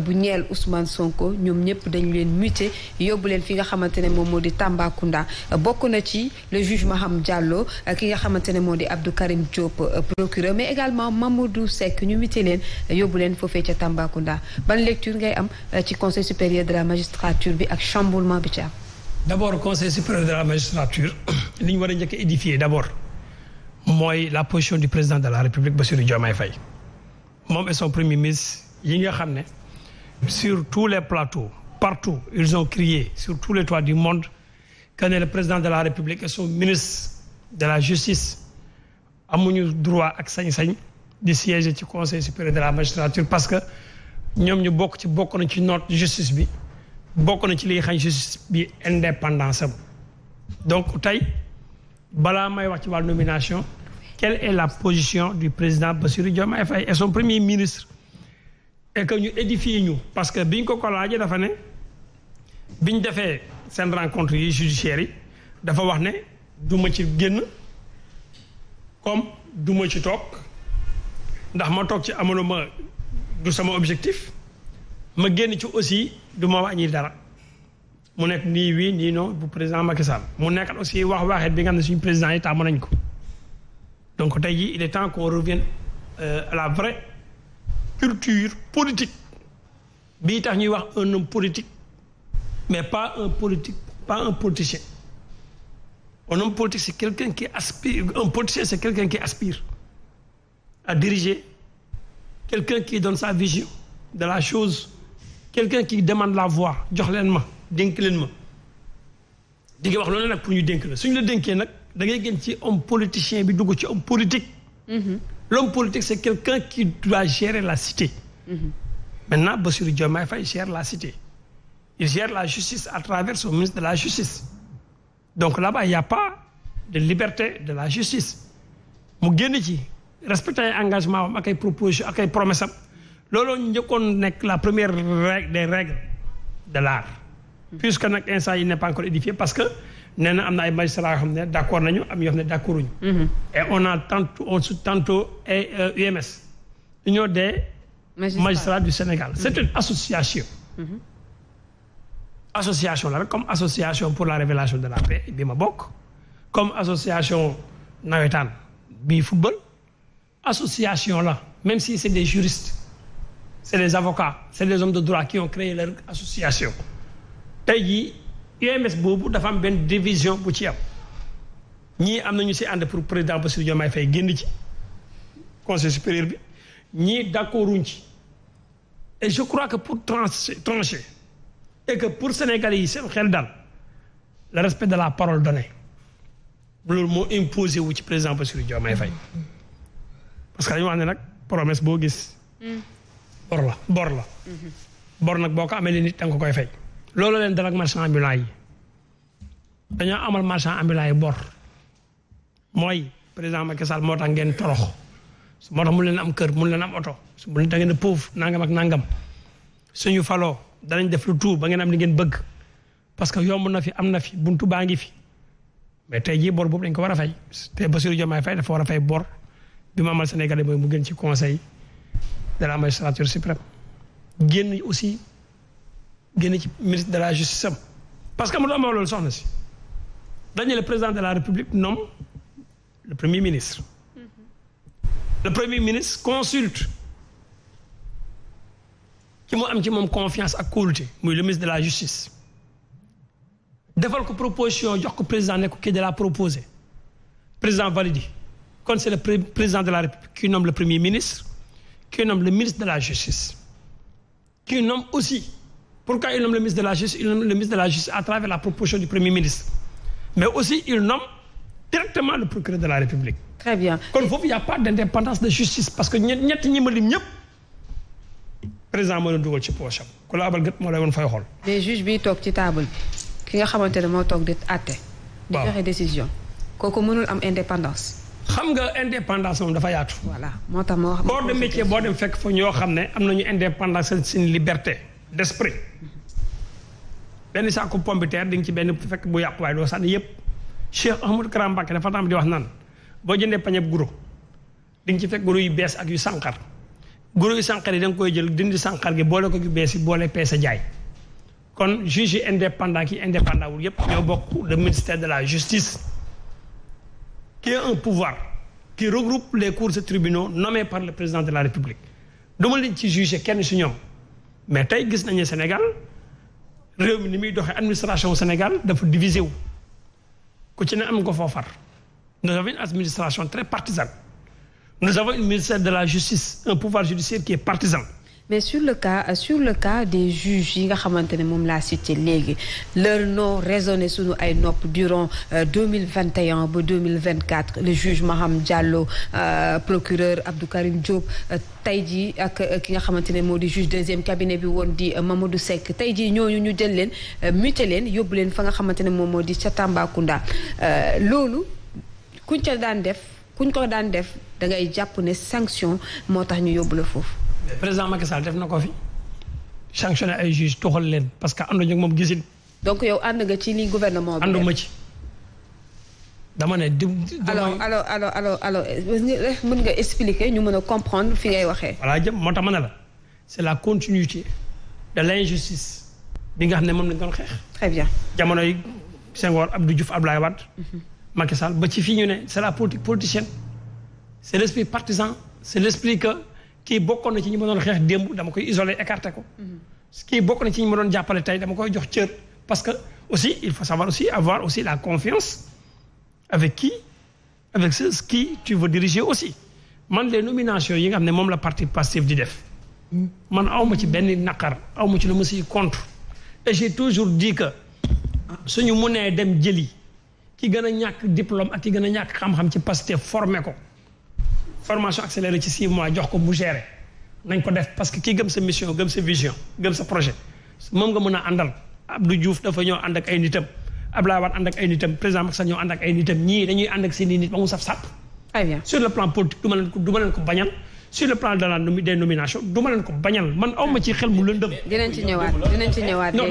bu ñeel Ousmane Sonko ñoom ñëpp dañu leen muté yóbbu leen fi nga xamante ne moom moo di Tambacounda bokk na ci le juge Maham Diallo ki nga xamante ne moo di Abdou Karim Diop euh, procureur mais également Mamadou Seck ñu muté leen yóbbu leen foofee ca Tambacounda ban lecture ngay am euh, ci conseil supérieur de la magistrature bi ak chamboulement bi ci am. d'abord conseil supérieur de la magistrature li ñu war a njëkk édifier d'abord mooy la position du président de la république Bassirou Diomaye Faye moom et son xam ne. sur tout les plateaux, partout, ils ont crié, sur tous les toits du monde, que ne le président de la République et son ministre de la Justice amuñu droit ak sañ-sañ di siéger ci conseil supérieur de la magistrature parce que ñoom ñu bokk ci bokk na ci note justice bi bokk na ci liy xañ justice bi indépendance am donc tey balaa may wax ci wàllu nomination quelle est la position du président Bassirou Diomaye Faye et son premier ministre et que ñu édifier ñu parce que biñ ko ko laajee dafa ne biñ defee seen rencontre yi judiciaire yi dafa wax ne du ma ci génn comme duma ci toog ndax ma toog ci amono ma du sama objectif ma génn ci aussi du ma ñi dara mu nekk nii wii nii non bu président Macky Sall mu nekkat aussi wax waxeet bi nga xam ne suñu président yi taamu nañ ko donc tey il est temps qu'on revienne euh, la vraie culture politique bi tax ñuy wax un homme politique mais pas un politique pas un politicien un homme politique c'est quelqu'un qui aspire un politicien c'est quelqu'un qui aspire à diriger quelqu'un qui donne sa vision de la chose quelqu'un qui demande la voix jox leen ma dénk leen ma di nga wax loolu nag pour ñu dénk la suñu la dénkee nag da ngay gën ci homme politicien bi dugg ci homme politique mm-hmm. l'homme politique c'est quelqu'un qui doit gérer la cité mm -hmm. maintenant Bassirou Diomaye Faye la cité il gère la justice à travers son ministre de la justice donc là-bas il a pas de liberté de la justice mu génn ci respecter ay engagement am ak ay proposition ak ay promesse ñu njëkkoon nekk la première règle des règles de l'art mhm. puisque nag instant il n'est pas encore édifié parce que nee na am na ay magistrats yoo xam ne d' accord nañu am yoo xam ne d' accorduñu mhm. et on a tantôt on se tantôt UMS euh, union des magistrats du Sénégal c' est mhm. une association mhm. association la rek comme association pour la révélation de la paix bi ma bokk comme association nawetaan bi football association la même si c' des juristes c' est des avocats c' des hommes de droit qui ont créé leur association UMS boobu dafa am benn division bu ci am ñii am nañu si ànd pour président Bassirou Diomaye fay génn ci conseil supérieur bi ñii d'accorduñ ci et je crois que pour trancher et que pour Sénégalais yi seen xel daal le respect de la parole donnée loolu moo imposé wu ci président Bassirou Diomaye fay parce que dañu wax ne nag promesse boo gis. Mm. bor la bor la. Mm-hmm. bor nag boo ko amee nit da ko koy fay. loolu leen dal ak marchand ambulant yi dañoo amal marchand ambulant bor mooy président ma Sall moo tax ngeen torox moo tax mun leen am kër mun leen am oto su mu da ngeen a nangam ak nangam suñu faloo danañ def lu tuut ba ngeen am li ngeen bëgg parce que yomb na fi am na fi bunt baa ngi fi mais tey jii bor boobu dañ ko war a fay te Bassirou Diomaye Faye dafa war a fay bor bi mu amal Sénégalais mooy mu gën ci conseil de la magistrature suprême génn aussi. génn ci ministre de la justice am parce que Amadou Amba loolu soxna si dañu le président de la république nomme le premier ministre. Mm-hmm. le premier ministre consulte ki mu am ci moom confiance ak kóolute muy le ministre de la justice defal ko proposition jox ko président ne ko kii de la proposé président validé kon c'est le président de la république qui nomme le premier ministre qui nomme le ministre de la justice qui nomme aussi. Pourquoi il nomme le ministre de la ministre de la Justice à travers la proposition du Premier ministre. Mais aussi, il nomme directement le procureur de la République. Très bien. Kon foofu y a pas d'indépendance de justice parce que ñett ñi ma lim ñëpp président moo doon dugal ci poche ku la abal gët moo lay woon fay xool. mais juge bi toog ci table bi ki nga xamante ne moo toog di àtte. waaw di joxe décision kooku mënul am indépendance. xam nga indépendance moom dafa yaatu. moo tax moo xam. corps de boo dem fekk fa ñoo xam ne am nañu indépendance seen liberté. d'esprit benn saaku pompiteer di nga ci benn fekk bu yàqu waaye doo sànni yëpp Cheikh Ahmadou Kara Mbacké dafa tam di wax naan boo jëndee pañeb guro di ci fekk guro yu bees ak yu sànqar guro yu sànqar yi da nga koy jël dindi sànqar gi boole ko yu bees yi boole sa jaay kon juge yi indépendant ki indépendant wul yëpp ñoo bokk le ministère de la justice qui est un pouvoir qui regroupe les cours et tribunaux nommés par le président de la république duma leen ci juger kenn si ñoom mais tey gis nañu Sénégal réew mi ni muy doxee administration Sénégal dafa divisé wu ku ci ne am nga foo far nous avons une administration très partisane nous avons un ministère de la justice un pouvoir judiciaire qui est mais sur le cas sur le cas des juges yi nga xamante ne moom laa cité léegi leur non résonner suñu ay nopp durant euh, deux mille vingt ba deux mille vingt quatre le juge Maham Diallo euh, procureur Abdou Karim Diop euh, tey jii ak ki nga xamante ne moo di juge deuxième cabinet bi woon di Mamadou sekk tey jii ñooñu ñu jël leen muté leen yóbbu leen fa nga xamante ne moom moo di ca Tambacounda loolu kuñ ca daan def kuñ ko daan def da ngay jàpp ne sanction moo tax ñu yóbbu la foofu. Eh, président Macky Sall def na ko fi sanctionné ay juge toxal leen parce que ànduñu ak moom gisin donc yow ànd nga ci li gouvernement bi ma ci dama ne di alors alors alors alors alors eh, mën nga expliquer ñu mën a comprendre fi ngay waxee voilà jëm moo tax ma ne la c'est la continuité de l'injustice bi nga xam ne moom lañ doon xeex très bien jamono yi Senghor Abdou Diouf Abdoulaye Wade mhm. Macky Sall ba ci fii ñu ne c'est la politique politicienne c'est l'esprit partisan c'est l'esprit kii bokkoon na ci ñu ma doon xeex démb dama koy isolé écarté ko. Mhm. kii bokk na ci ñu ma doon jàppale tey dama koy jox cër. parce que aussi il faut savoir aussi avoir aussi la confiance avec qui avec ce qui tu veux diriger aussi man les nomination yi nga xam ne moom la parti Pastef di def. man aw ma ci benn naqar aw ma ci lu ma siy contre. et j'ai toujours dit que suñu mënee dem jëli ki gën a ñàkk diplôme ak ki gën a ñàkk xam-xam ci Pastef formé ko. formation accélérée ci six mois jox ko mu gérer nañ ko def parce que kii gëm sa mission gëm sa vision gëm sa projet moom nga mën a àndal Abdou juuf dafa ñoo ànd ak ay nitam Abdoulaye Wade ànd ak ay nitam président Macky Sall ñoo ànd ak ay nitam ñii dañuy ànd ak seen i nit ba mu saf sàpp sur le plan politique du leen ko du ma leen ko bañal sur le plan de la des nominations du ma leen ko bañal man aw ci xel mu lëndëm. dinañ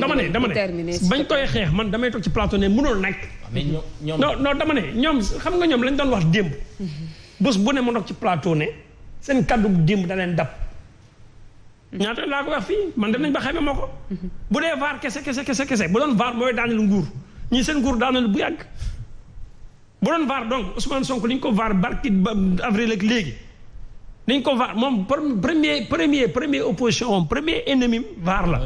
dama ne dama ne bañ koy xeex man damay toog ci plateau ne mënul nekk. Ah, dama ñoom xam nga ñoom lañ doon wax démb. Mhm. bés bu ne mu ndox ci plateau ne seen kaddu démb da leen dab. ñaata laa ko wax fii man dem nañ ba xayma ma ko. bu dee vaar kese kese kese kese bu doon vaar mooy daaneel nguur ñii seen nguur daaneel bu yàgg. bu doon vaar donc Ousmane Sonko li ko vaar barki ba avril ak léegi li ñu ko vaar moom premier premier premier opposition moom premier ennemi vaar la.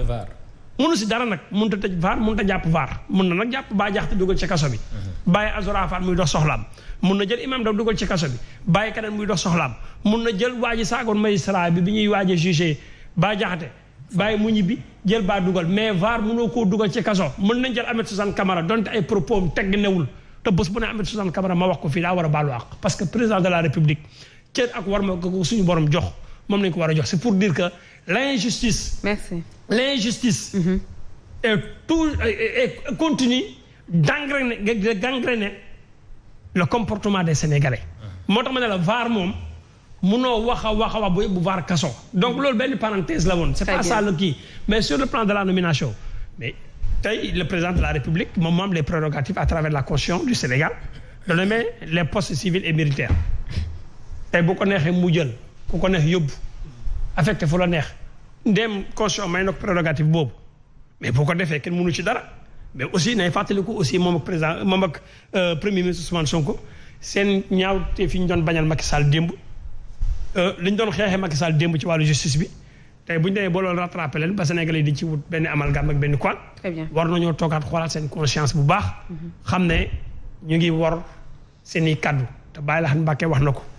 mënu si dara nag mun a tëj vaar mënut a jàpp vaar mën na nag jàpp baa jaxte dugal ci kaso bi bàyyi azora faat muy dox soxlaam mun na jël imam daw dugal ci kaso bi bàyyi keneen muy dox soxlaam mun na jël waa ji saagoon magistrat bi bi ñuy waaj a jugé baa jaxate bàyyi mu ñibbi jël baa dugal mais vaar mënoo koo dugal ci kaso mën nañ jël Ahmed Suzanne Camara dont ay propos am tegg te bés bu ne Ahmed Suzanne Camara ma wax ko fii daa war a baalu àq parce que président de la république cër ak war ma ko suñu borom jox moom lañ ko war a jox c'est pour dire que l'injustice merci l'injustice mm -hmm. est tout est, est continue d'engrainer de gangréner le comportement des Sénégalais ah. moo tax ma ne la VAR moom mënoo noo a wax a wax bu yëpp bu VAR kaso donc mhm. loolu benn parenthèse la woon c'est pas ça le kii mais sur le plan de la nomination mais tey le président de la République moom moom les prérogatives à travers la constitution du Sénégal de nommer les postes civils et militaires tey bu ko neexee mu jël ku ko neex yóbbu affecté fu la neex ndem constitution may na ko boobu mais boo ko defee kenn mënu ci dara mais aussi nay fàttaliku aussi moom président moom ak euh, premier ministre Ousmane Sonko seen ñaaw te fi ñu doon bañal Macky Sall démb euh, li ñu doon xeexee Macky Sall démb ci wàllu justice bi te bu dee demee ba loolu leen ba Sénégalais di ci wut benn amalgame ak benn quoi. très bien war nañoo toogaat xoolaat seen conscience bu baax. Mm-hmm. xam ne ñu ngi war seen i kaddu te bàyyi la wax na ko.